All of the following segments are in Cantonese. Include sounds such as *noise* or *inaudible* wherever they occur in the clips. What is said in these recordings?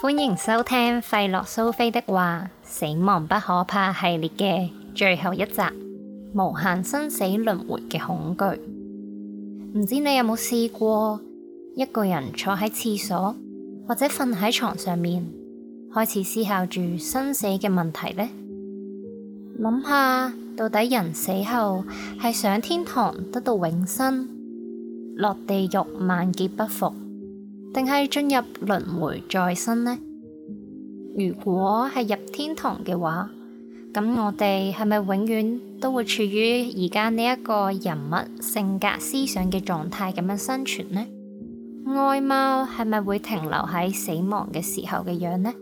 歡迎收聽費洛蘇菲的話，死亡不可怕系列嘅最後一集《無限生死輪迴嘅恐懼》。唔知你有冇試過一個人坐喺廁所或者瞓喺床上面，開始思考住生死嘅問題呢？諗下到底人死後係上天堂得到永生，落地獄萬劫不復。定係進入輪迴再生呢？如果係入天堂嘅話，咁我哋係咪永遠都會處於而家呢一個人物性格思想嘅狀態咁樣生存呢？外貌係咪會停留喺死亡嘅時候嘅樣呢？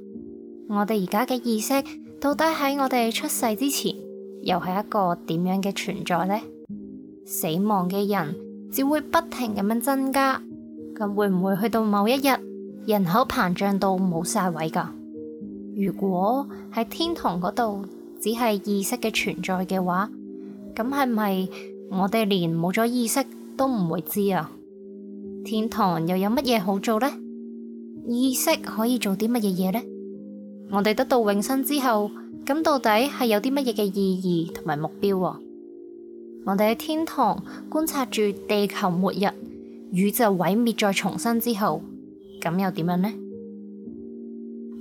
我哋而家嘅意識到底喺我哋出世之前又係一個點樣嘅存在呢？死亡嘅人只會不停咁樣增加。咁會唔會去到某一日人口膨脹到冇晒位㗎？如果喺天堂嗰度只係意識嘅存在嘅話，咁係咪我哋連冇咗意識都唔會知啊？天堂又有乜嘢好做呢？意識可以做啲乜嘢嘢呢？我哋得到永生之後，咁到底係有啲乜嘢嘅意義同埋目標啊？我哋喺天堂觀察住地球末日。宇宙毀滅再重生之後，咁又點樣呢？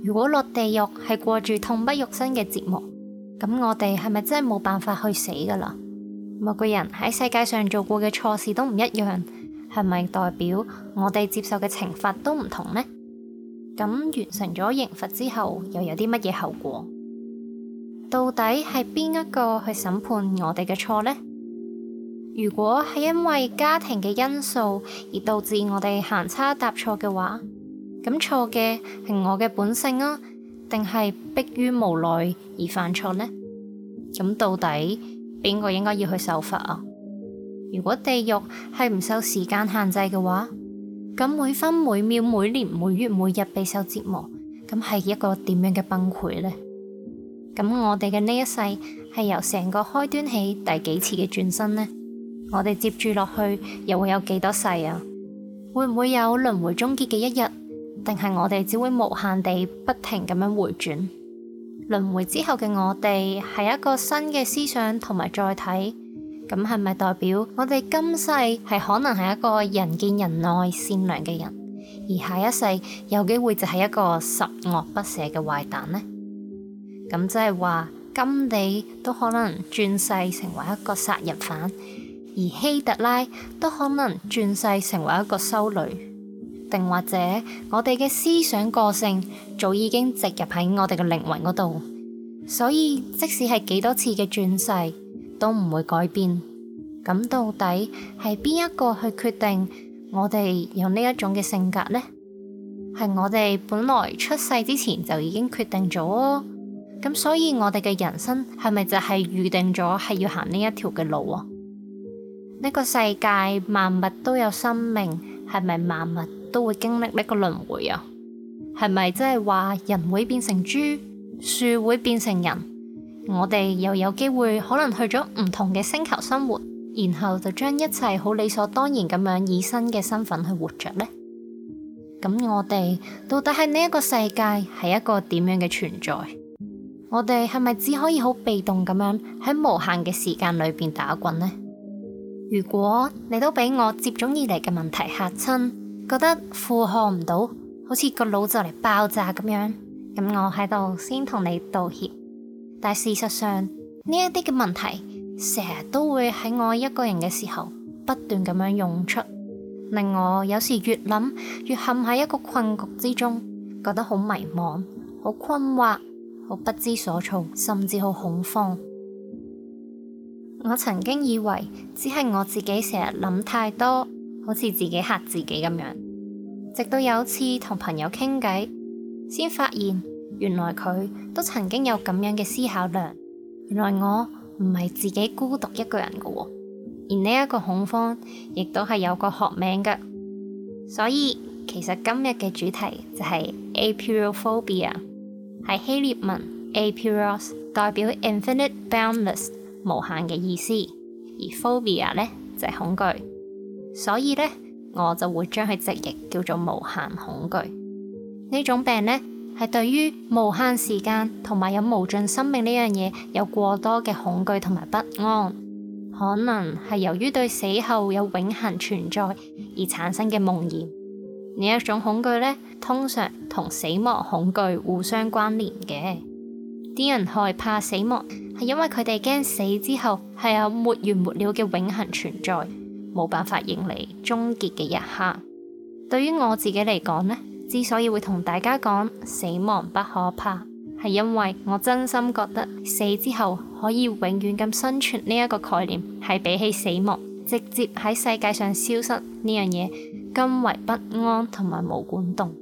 如果落地獄係過住痛不欲生嘅折磨，咁我哋係咪真係冇辦法去死噶啦？每個人喺世界上做過嘅錯事都唔一樣，係咪代表我哋接受嘅懲罰都唔同呢？咁完成咗刑罰之後，又有啲乜嘢後果？到底係邊一個去審判我哋嘅錯呢？如果係因為家庭嘅因素而導致我哋行差踏錯嘅話，咁錯嘅係我嘅本性啊，定係迫於無奈而犯錯呢？咁到底邊個應該要去受罰啊？如果地獄係唔受時間限制嘅話，咁每分每秒、每年每月、每日備受折磨，咁係一個點樣嘅崩潰呢？咁我哋嘅呢一世係由成個開端起第幾次嘅轉身呢？我哋接住落去又會有幾多世啊？會唔會有輪迴終結嘅一日？定係我哋只會無限地不停咁樣回轉？輪迴之後嘅我哋係一個新嘅思想同埋載體，咁係咪代表我哋今世係可能係一個人見人愛善良嘅人，而下一世有機會就係一個十惡不赦嘅壞蛋呢？咁即係話，咁你都可能轉世成為一個殺人犯。而希特拉都可能轉世成為一個修女，定或者我哋嘅思想個性早已經植入喺我哋嘅靈魂嗰度，所以即使係幾多次嘅轉世都唔會改變。咁到底係邊一個去決定我哋有呢一種嘅性格呢？係我哋本來出世之前就已經決定咗咯。咁所以我哋嘅人生係咪就係預定咗係要行呢一條嘅路啊？呢個世界萬物都有生命，係咪萬物都會經歷呢個輪迴啊？係咪即係話人會變成豬，樹會變成人？我哋又有機會可能去咗唔同嘅星球生活，然後就將一切好理所當然咁樣以新嘅身份去活着呢？咁我哋到底喺呢一個世界係一個點樣嘅存在？我哋係咪只可以好被動咁樣喺無限嘅時間裏邊打滾呢？如果你都俾我接踵而嚟嘅問題嚇親，覺得負荷唔到，好似個腦就嚟爆炸咁樣，咁我喺度先同你道歉。但事實上呢一啲嘅問題，成日都會喺我一個人嘅時候不斷咁樣湧出，令我有時越諗越陷喺一個困局之中，覺得好迷惘、好困惑、好不知所措，甚至好恐慌。我曾經以為只係我自己成日諗太多，好似自己嚇自己咁樣。直到有一次同朋友傾偈，先發現原來佢都曾經有咁樣嘅思考量。原來我唔係自己孤獨一個人噶，而呢一個恐慌亦都係有個學名噶。所以其實今日嘅主題就係 apeirophobia，係希臘文 apeiros 代表 infinite、boundless。無限嘅意思，而 phobia 呢，就係、是、恐懼，所以呢，我就會將佢直譯叫做無限恐懼。呢種病呢，係對於無限時間同埋有無盡生命呢樣嘢有過多嘅恐懼同埋不安，可能係由於對死後有永恆存在而產生嘅夢魘。呢一種恐懼呢，通常同死亡恐懼互相關聯嘅。啲人害怕死亡，係因為佢哋驚死之後係有沒完沒了嘅永恒存在，冇辦法迎嚟終結嘅一刻。對於我自己嚟講呢，之所以會同大家講死亡不可怕，係因為我真心覺得死之後可以永遠咁生存呢一個概念，係比起死亡直接喺世界上消失呢樣嘢更為不安同埋無管動。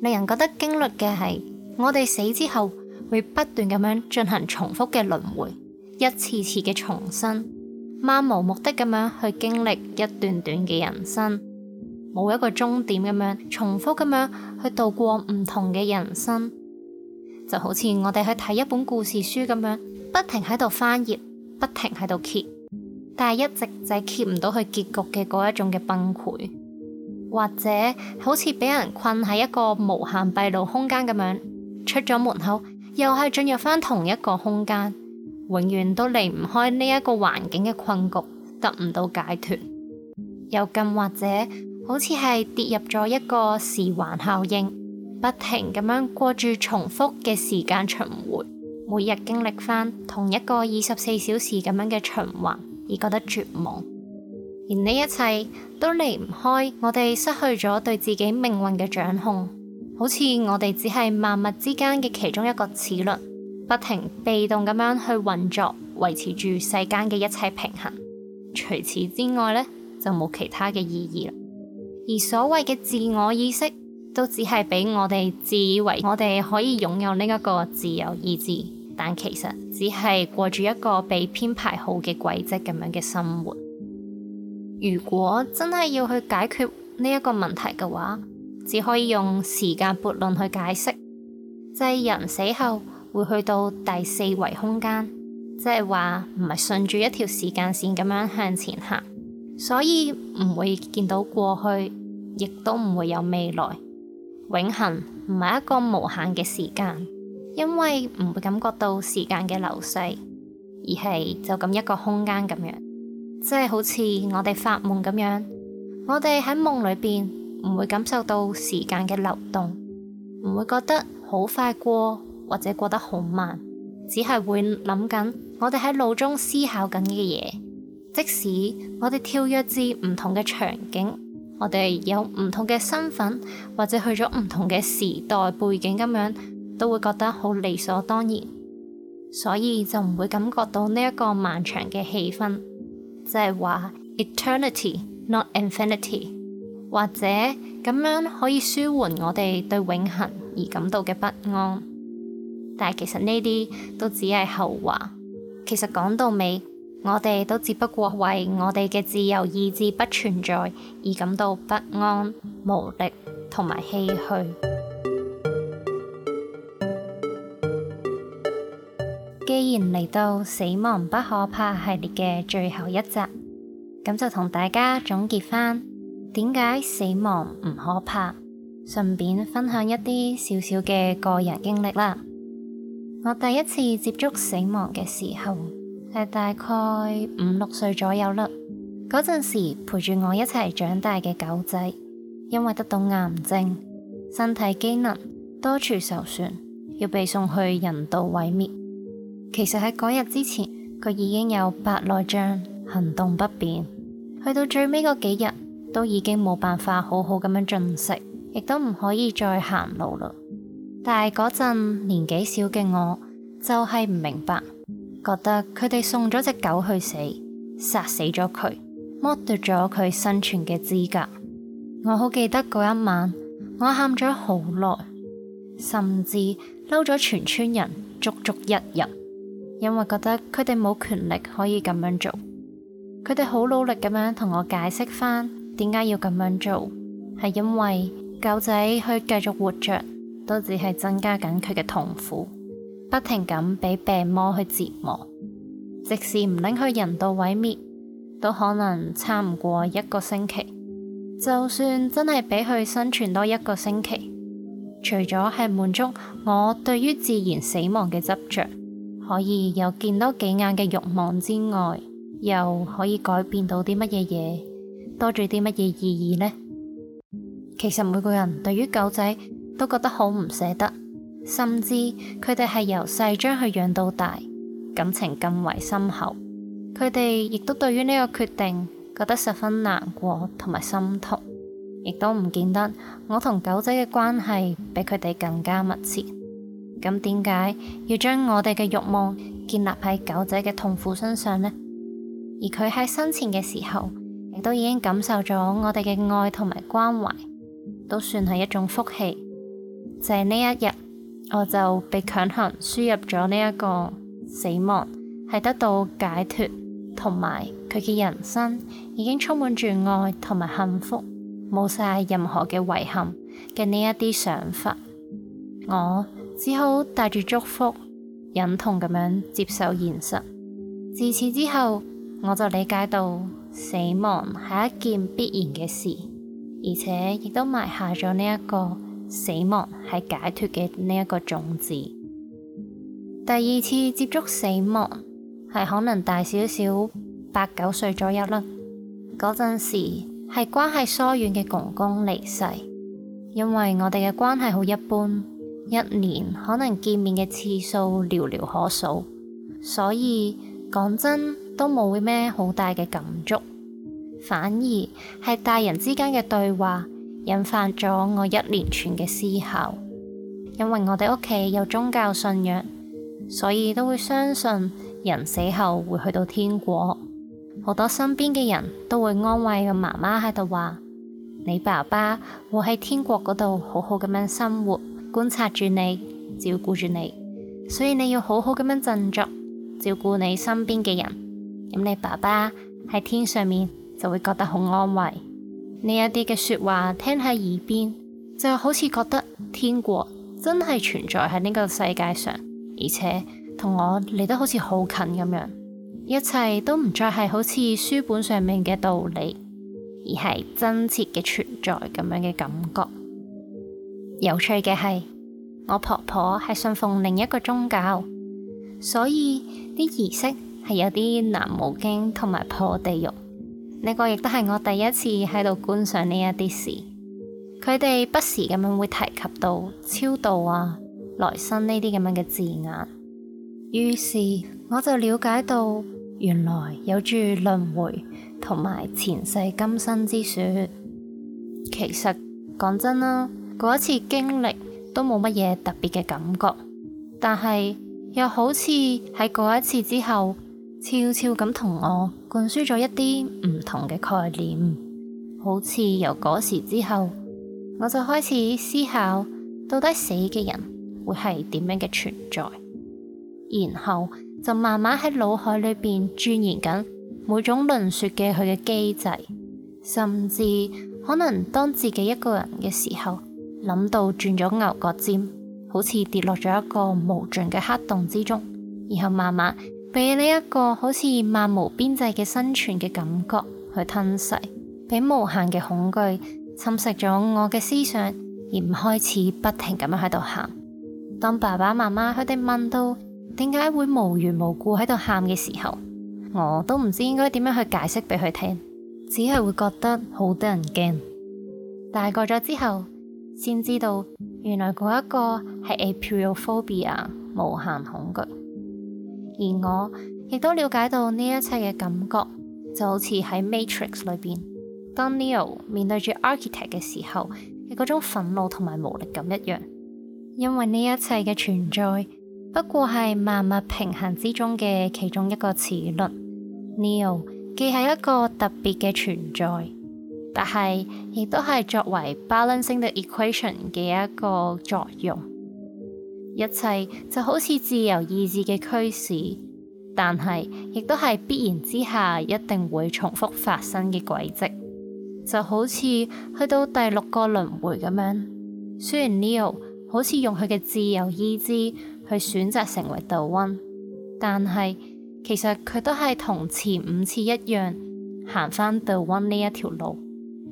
令人覺得驚慄嘅係，我哋死之後。會不斷咁樣進行重複嘅輪迴，一次次嘅重生，漫無目的咁樣去經歷一段段嘅人生，冇一個終點咁樣重複咁樣去度過唔同嘅人生，就好似我哋去睇一本故事書咁樣，不停喺度翻頁，不停喺度揭，但係一直就係揭唔到佢結局嘅嗰一種嘅崩潰，或者好似俾人困喺一個無限閉路空間咁樣，出咗門口，又係進入翻同一個空間，永遠都離唔開呢一個環境嘅困局，得唔到解脫。又更或者好似係跌入咗一個時環效應，不停咁樣過住重複嘅時間循環，每日經歷翻同一個二十四小時咁樣嘅循環，而覺得絕望。而呢一切都離唔開我哋失去咗對自己命運嘅掌控。好似我哋只係萬物之間嘅其中一個齒輪，不停被動咁樣去運作，維持住世間嘅一切平衡。除此之外呢就冇其他嘅意義啦。而所謂嘅自我意識，都只係俾我哋自以為我哋可以擁有呢一個自由意志，但其實只係過住一個被編排好嘅軌跡咁樣嘅生活。如果真係要去解決呢一個問題嘅話，只可以用時間悖論去解釋，即係人死後會去到第四維空間，即係話唔係順住一條時間線咁樣向前行，所以唔會見到過去，亦都唔會有未來。永恆唔係一個無限嘅時間，因為唔會感覺到時間嘅流逝，而係就咁一個空間咁樣，即係好似我哋發夢咁樣，我哋喺夢裏邊。唔會感受到時間嘅流動，唔會覺得好快過或者過得好慢，只係會諗緊我哋喺腦中思考緊嘅嘢。即使我哋跳躍至唔同嘅場景，我哋有唔同嘅身份或者去咗唔同嘅時代背景咁樣，都會覺得好理所當然。所以就唔會感覺到呢一個漫長嘅氣氛，即係話 Eternity，not Infinity。或者咁樣可以舒緩我哋對永恆而感到嘅不安，但係其實呢啲都只係後話。其實講到尾，我哋都只不過為我哋嘅自由意志不存在而感到不安、無力同埋唏噓。 *music* 既然嚟到《死亡不可怕》系列嘅最後一集，咁就同大家總結翻。點解死亡唔可怕？順便分享一啲少少嘅個人經歷啦。我第一次接觸死亡嘅時候係大概五六歲左右啦。嗰陣時陪住我一齊長大嘅狗仔，因為得到癌症，身體機能多處受損，要被送去人道毀滅。其實喺嗰日之前，佢已經有白內障，行動不便。去到最尾嗰幾日，都已經冇辦法好好咁樣進食，亦都唔可以再行路啦。但係嗰陣年紀小嘅我，就係唔明白，覺得佢哋送咗隻狗去死，殺死咗佢，剝奪咗佢生存嘅資格。我好記得嗰一晚，我喊咗好耐，甚至嬲咗全村人足足一日，因為覺得佢哋冇權力可以咁樣做。佢哋好努力咁樣同我解釋翻。點解要咁樣做？係因為狗仔去繼續活着，都只係增加緊佢嘅痛苦，不停咁俾病魔去折磨。即使唔拎佢去人道毀滅，都可能撐唔過一個星期。就算真係俾佢生存多一個星期，除咗係滿足我對於自然死亡嘅執着，可以又見多幾眼嘅慾望之外，又可以改變到啲乜嘢嘢？多咗啲乜嘢意義呢？其實每個人對於狗仔都覺得好唔捨得，甚至佢哋係由細將佢養到大，感情更為深厚。佢哋亦都對於呢個決定覺得十分難過同埋心痛，亦都唔見得我同狗仔嘅關係比佢哋更加密切。咁點解要將我哋嘅欲望建立喺狗仔嘅痛苦身上呢？而佢喺生前嘅時候。亦都已經感受咗我哋嘅愛同埋關懷，都算係一種福氣。就係呢一日，我就被強行輸入咗呢一個死亡係得到解脫，同埋佢嘅人生已經充滿住愛同埋幸福，冇晒任何嘅遺憾嘅呢一啲想法。我只好帶住祝福，忍痛咁樣接受現實。自此之後，我就理解到。死亡係一件必然嘅事，而且亦都埋下咗呢一個死亡係解脫嘅呢一個種子。第二次接觸死亡係可能大少少，八九歲左右啦，嗰陣時，係關係疏遠嘅公公離世，因為我哋嘅關係好一般，一年可能見面嘅次數寥寥可數，所以講真都冇咩好大嘅感觸。反而係大人之間嘅對話，引發咗我一連串嘅思考。因為我哋屋企有宗教信仰，所以都會相信人死後會去到天國。好多身邊嘅人都會安慰我媽媽喺度話：你爸爸會喺天國嗰度好好咁樣生活，觀察住你，照顧住你，所以你要好好咁樣振作，照顧你身邊嘅人。咁你爸爸喺天上面。就會覺得好安慰。呢一啲嘅說話聽喺耳邊，就好似覺得天國真係存在喺呢個世界上，而且同我離得好似好近咁樣。一切都唔再係好似書本上面嘅道理，而係真切嘅存在咁樣嘅感覺。有趣嘅係，我婆婆係信奉另一個宗教，所以啲儀式係有啲南無經，同埋破地獄。呢個亦都係我第一次喺度觀賞呢一啲事，佢哋不時咁樣會提及到超度啊、來生呢啲咁樣嘅字眼，於是我就了解到原來有住輪迴同埋前世今生之説。其實講真啦，嗰一次經歷都冇乜嘢特別嘅感覺，但，但係又好似喺嗰一次之後，悄悄咁同我。灌輸咗一啲唔同嘅概念，好似由嗰時之後，我就開始思考到底死嘅人會係點樣嘅存在，然後就慢慢喺腦海裏邊鑽研緊每種論說嘅佢嘅機制，甚至可能當自己一個人嘅時候，諗到轉咗牛角尖，好似跌落咗一個無盡嘅黑洞之中，然後慢慢。俾呢一個好似漫無邊際嘅生存嘅感覺去吞噬，俾無限嘅恐懼侵蝕咗我嘅思想，而唔開始不停咁樣喺度喊。當爸爸媽媽佢哋問到點解會無緣無故喺度喊嘅時候，我都唔知應該點樣去解釋俾佢聽，只係會覺得好得人驚。大個咗之後，先知道原來嗰一個係 Apeirophobia 無限恐懼。而我亦都了解到呢一切嘅感覺，就好似喺《Matrix》裏邊，當 Neo 面對住 Architect 嘅時候嘅嗰種憤怒同埋無力感一樣。因為呢一切嘅存在，不過係萬物平衡之中嘅其中一個齒輪。Neo 既係一個特別嘅存在，但係亦都係作為 balancing the equation 嘅一個作用。一切就好似自由意志嘅驅使，但係亦都係必然之下一定會重複發生嘅軌跡，就好似去到第六個輪迴咁樣。雖然 Neo 好似用佢嘅自由意志去選擇成為 The One，但係其實佢都係同前五次一樣行返 The One 呢一條路，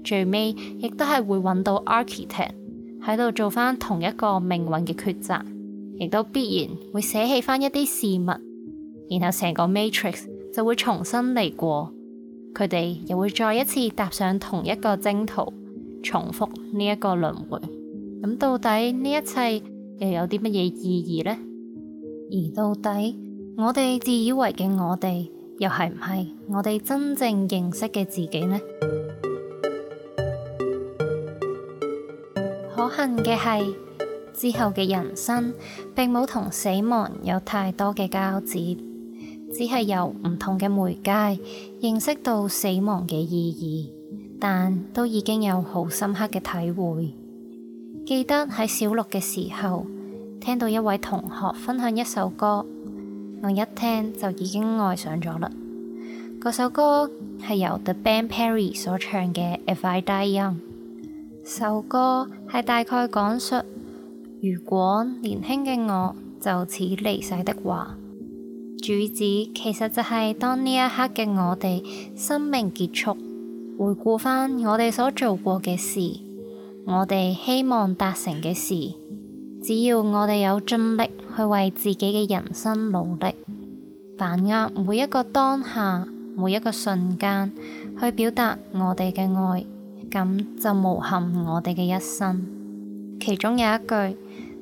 最尾亦都係會揾到 Architect 喺度做返同一個命運嘅抉擇。亦都必然會捨棄翻一啲事物，然後成個 Matrix 就會重新嚟過，佢哋又會再一次踏上同一個征途，重複呢一個輪迴。咁到底呢一切又有啲乜嘢意義呢？而到底我哋自以為嘅我哋，又係唔係我哋真正認識嘅自己呢？可恨嘅係。之後嘅人生並冇同死亡有太多嘅交接，只係由唔同嘅媒介認識到死亡嘅意義，但都已經有好深刻嘅體會。記得喺小六嘅時候，聽到一位同學分享一首歌，我一聽就已經愛上咗啦。嗰首歌係由 The Band Perry 所唱嘅《If I Die Young》。首歌係大概講述。如果年輕嘅我就此離世的話，主旨其實就係當呢一刻嘅我哋生命結束，回顧返我哋所做過嘅事，我哋希望達成嘅事，只要我哋有盡力去為自己嘅人生努力，把握每一個當下，每一個瞬間去表達我哋嘅愛，咁就無憾我哋嘅一生。其中有一句。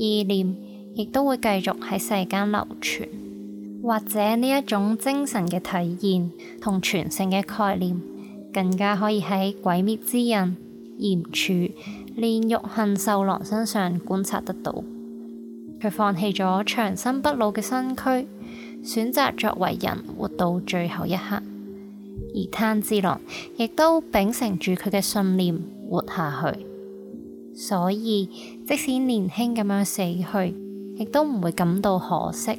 意念亦都會繼續喺世間流傳，或者呢一種精神嘅體驗同傳承嘅概念，更加可以喺鬼滅之刃、炎柱、煉獄杏壽郎身上觀察得到。佢放棄咗長生不老嘅身軀，選擇作為人活到最後一刻；而炭治郎亦都秉承住佢嘅信念活下去。所以，即使年輕咁樣死去，亦都唔會感到可惜，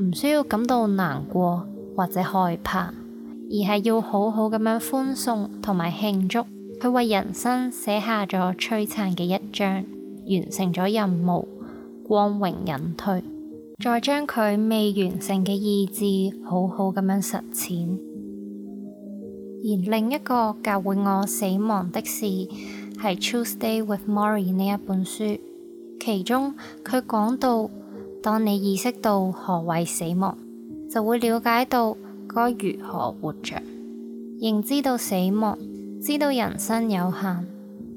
唔需要感到難過或者害怕，而係要好好咁樣歡送同埋慶祝佢為人生寫下咗璀璨嘅一章，完成咗任務，光榮隱退，再將佢未完成嘅意志好好咁樣實踐。而另一個教會我死亡的事。係《Tuesday with Mori》呢一本書，其中佢講到，當你意識到何謂死亡，就會了解到該如何活着。認知到死亡，知道人生有限，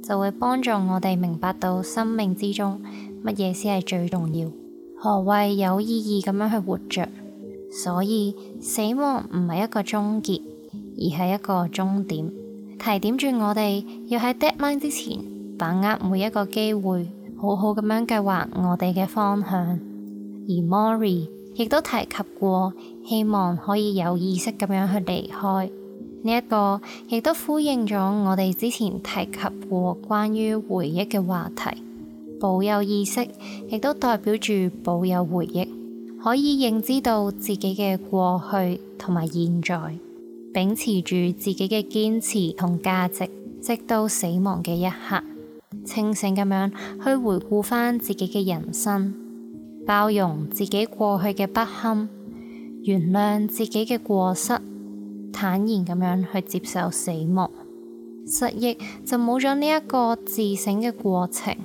就會幫助我哋明白到生命之中乜嘢先係最重要，何謂有意義咁樣去活着。所以，死亡唔係一個終結，而係一個終點。提點住我哋要喺 deadline 之前把握每一個機會，好好咁樣計劃我哋嘅方向。而 Mori 亦都提及過，希望可以有意識咁樣去離開呢一個，亦都呼應咗我哋之前提及過關於回憶嘅話題。保有意識亦都代表住保有回憶，可以認知到自己嘅過去同埋現在。秉持住自己嘅堅持同價值，直到死亡嘅一刻，清醒咁樣去回顧翻自己嘅人生，包容自己過去嘅不堪，原諒自己嘅過失，坦然咁樣去接受死亡。失憶就冇咗呢一個自省嘅過程。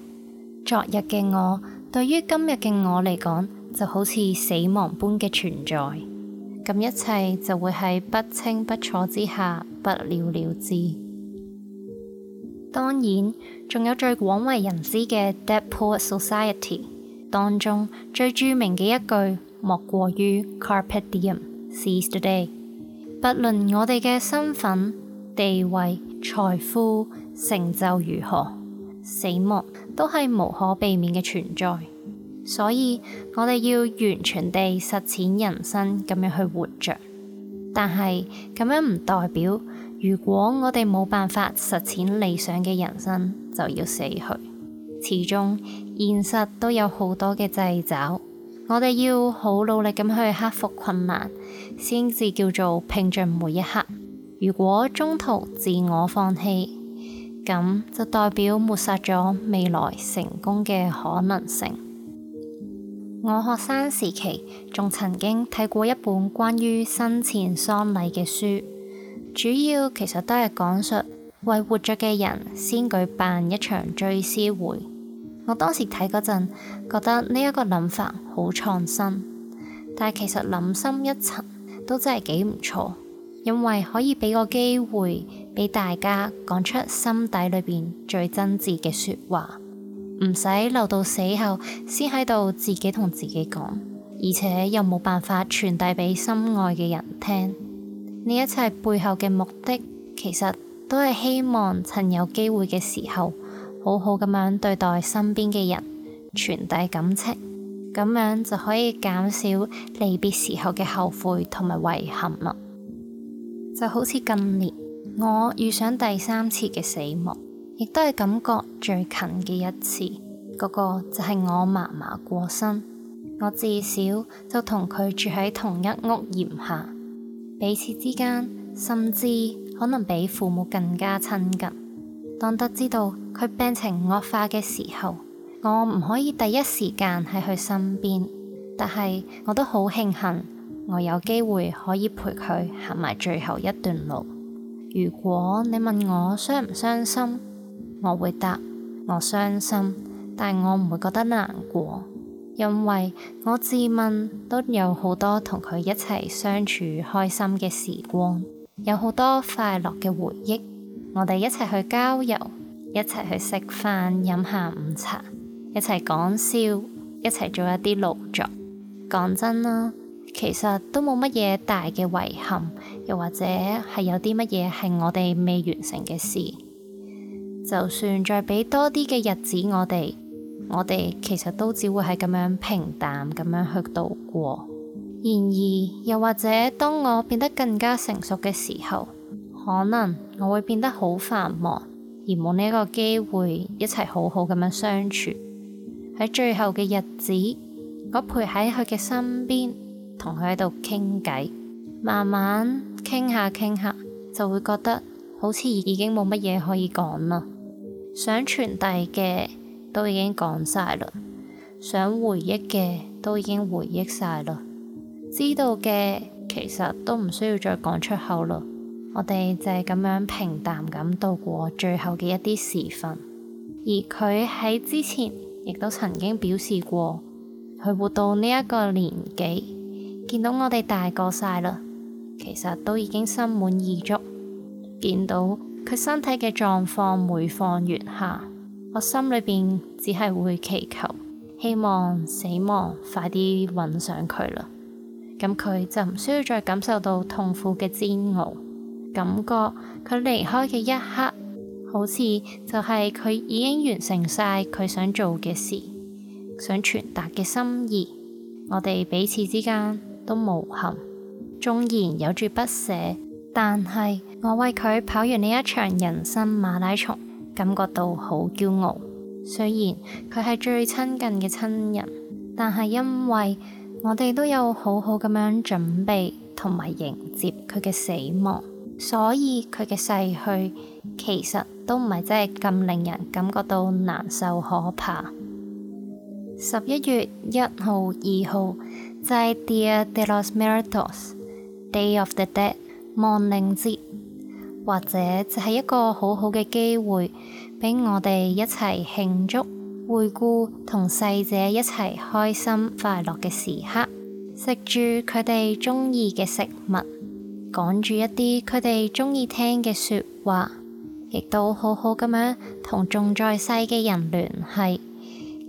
昨日嘅我，對於今日嘅我嚟講，就好似死亡般嘅存在。咁一切就會喺不清不楚之下不了了之。當然，仲有最廣為人知嘅 Dead Poets Society，當中最著名嘅一句，莫過於 Carpe Diem, seize the day。不論我哋嘅身份、地位、財富、成就如何，死亡都係無可避免嘅存在。所以我哋要完全地實踐人生咁樣去活着，但係咁樣唔代表，如果我哋冇辦法實踐理想嘅人生，就要死去。始終現實都有好多嘅掣肘，我哋要好努力咁去克服困難，先至叫做拼盡每一刻。如果中途自我放棄，咁就代表抹殺咗未來成功嘅可能性。我學生時期仲曾經睇過一本關於生前喪禮嘅書，主要其實都係講述為活着嘅人先舉辦一場追思會。我當時睇嗰陣覺得呢一個諗法好創新，但係其實諗深一層都真係幾唔錯，因為可以俾個機會俾大家講出心底裏邊最真摯嘅說話。唔使留到死後先喺度自己同自己講，而且又冇辦法傳遞畀心愛嘅人聽。呢一切背後嘅目的，其實都係希望趁有機會嘅時候，好好咁樣對待身邊嘅人，傳遞感情，咁樣就可以減少離別時候嘅後悔同埋遺憾啦。就好似近年我遇上第三次嘅死亡。亦都係感覺最近嘅一次，嗰個就係我嫲嫲過身。我自小就同佢住喺同一屋檐下，彼此之間甚至可能比父母更加親近。當得知道佢病情惡化嘅時候，我唔可以第一時間喺佢身邊，但係我都好慶幸我有機會可以陪佢行埋最後一段路。如果你問我傷唔傷心？我會答，我傷心，但係我唔會覺得難過，因為我自問都有好多同佢一齊相處開心嘅時光，有好多快樂嘅回憶。我哋一齊去郊遊，一齊去食飯飲下午茶，一齊講笑，一齊做一啲勞作。講真啦，其實都冇乜嘢大嘅遺憾，又或者係有啲乜嘢係我哋未完成嘅事。就算再俾多啲嘅日子我哋，我哋其實都只會係咁樣平淡咁樣去度過。然而，又或者當我變得更加成熟嘅時候，可能我會變得好繁忙，而冇呢個機會一齊好好咁樣相處。喺最後嘅日子，我陪喺佢嘅身邊，同佢喺度傾偈，慢慢傾下傾下，就會覺得好似已經冇乜嘢可以講啦。想傳遞嘅都已經講晒嘞，想回憶嘅都已經回憶晒嘞，知道嘅其實都唔需要再講出口嘞。我哋就係咁樣平淡咁度過最後嘅一啲時分。而佢喺之前亦都曾經表示過，佢活到呢一個年紀，見到我哋大個晒嘞，其實都已經心滿意足，見到。佢身體嘅狀況每況愈下，我心裏邊只係會祈求，希望死亡快啲揾上佢啦。咁佢就唔需要再感受到痛苦嘅煎熬。感覺佢離開嘅一刻，好似就係佢已經完成晒佢想做嘅事，想傳達嘅心意。我哋彼此之間都無憾，縱然有住不捨。但係，我為佢跑完呢一場人生馬拉松，感覺到好驕傲。雖然佢係最親近嘅親人，但係因為我哋都有好好咁樣準備同埋迎接佢嘅死亡，所以佢嘅逝去其實都唔係真係咁令人感覺到難受可怕。十一月一號、二號，在、就係、Dia de los Muertos Day of the Dead。亡靈節或者就係一個好好嘅機會，俾我哋一齊慶祝、回顧同逝者一齊開心快樂嘅時刻，食住佢哋鍾意嘅食物，講住一啲佢哋鍾意聽嘅說話，亦都好好咁樣同仲在世嘅人聯繫，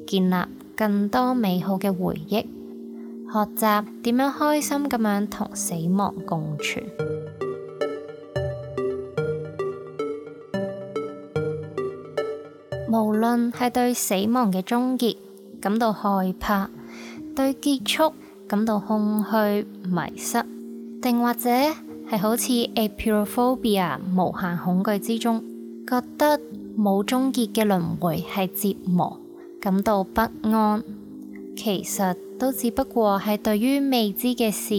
建立更多美好嘅回憶，學習點樣開心咁樣同死亡共存。論係對死亡嘅終結感到害怕，對結束感到空虛迷失，定或者係好似 apeirophobia 無限恐懼之中，覺得冇終結嘅輪迴係折磨，感到不安。其實都只不過係對於未知嘅事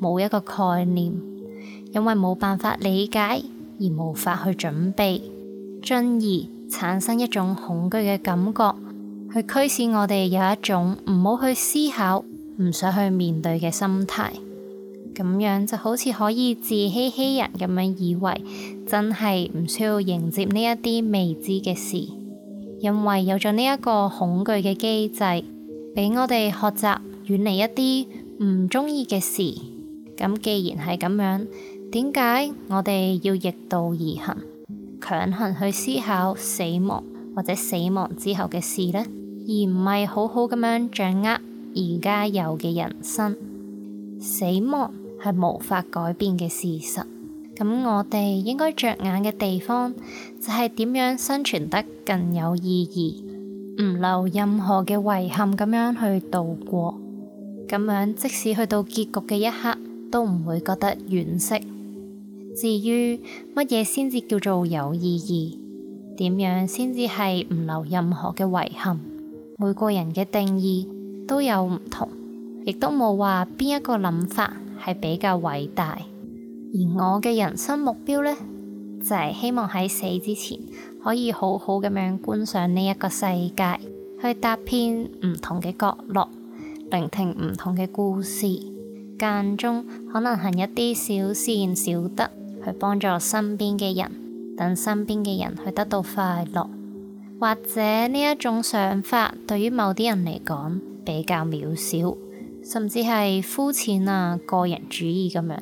冇一個概念，因為冇辦法理解而無法去準備，進而。產生一種恐懼嘅感覺，去驅使我哋有一種唔好去思考，唔想去面對嘅心態，咁樣就好似可以自欺欺人咁樣以為真係唔需要迎接呢一啲未知嘅事。因為有咗呢一個恐懼嘅機制，俾我哋學習遠離一啲唔中意嘅事。咁既然係咁樣，點解我哋要逆道而行？強行去思考死亡或者死亡之後嘅事呢，而唔係好好咁樣掌握而家有嘅人生。死亡係無法改變嘅事實，咁我哋應該着眼嘅地方就係點樣生存得更有意義，唔留任何嘅遺憾咁樣去度過。咁樣即使去到結局嘅一刻，都唔會覺得惋惜。至於乜嘢先至叫做有意義，點樣先至係唔留任何嘅遺憾，每個人嘅定義都有唔同，亦都冇話邊一個諗法係比較偉大。而我嘅人生目標呢，就係希望喺死之前，可以好好咁樣觀賞呢一個世界，去踏遍唔同嘅角落，聆聽唔同嘅故事，間中可能行一啲小善小德。去幫助身邊嘅人，等身邊嘅人去得到快樂，或者呢一種想法對於某啲人嚟講比較渺小，甚至係膚淺啊、個人主義咁樣。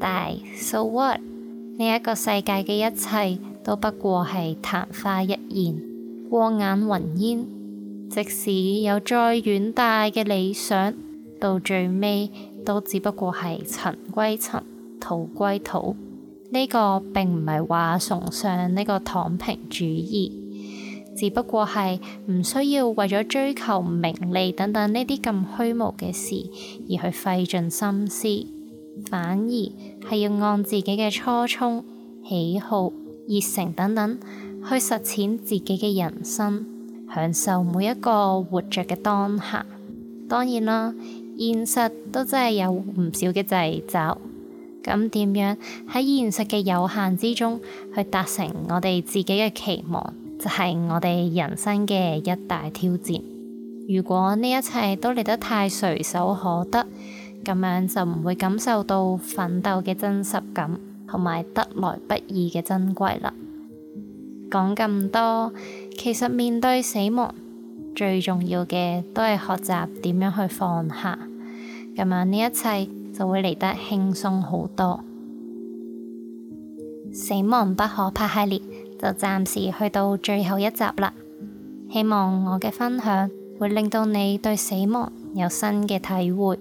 但係，So what？呢一個世界嘅一切都不過係曇花一現、過眼雲煙。即使有再遠大嘅理想，到最尾都只不過係塵歸塵，土歸土。呢個並唔係話崇尚呢個躺平主義，只不過係唔需要為咗追求名利等等呢啲咁虛無嘅事而去費盡心思，反而係要按自己嘅初衷、喜好、熱誠等等去實踐自己嘅人生，享受每一個活着嘅當下。當然啦，現實都真係有唔少嘅掣肘。咁點樣喺現實嘅有限之中去達成我哋自己嘅期望，就係我哋人生嘅一大挑戰。如果呢一切都嚟得太隨手可得，咁樣就唔會感受到奮鬥嘅真實感，同埋得來不易嘅珍貴啦。講咁多，其實面對死亡最重要嘅都係學習點樣去放下。咁樣呢一切。就會嚟得輕鬆好多。死亡不可怕系列就暫時去到最後一集啦，希望我嘅分享會令到你對死亡有新嘅體會。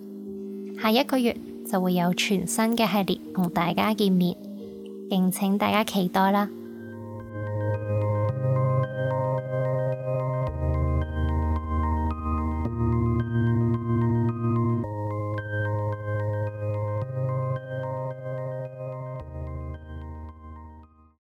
下一個月就會有全新嘅系列同大家見面，敬請大家期待啦。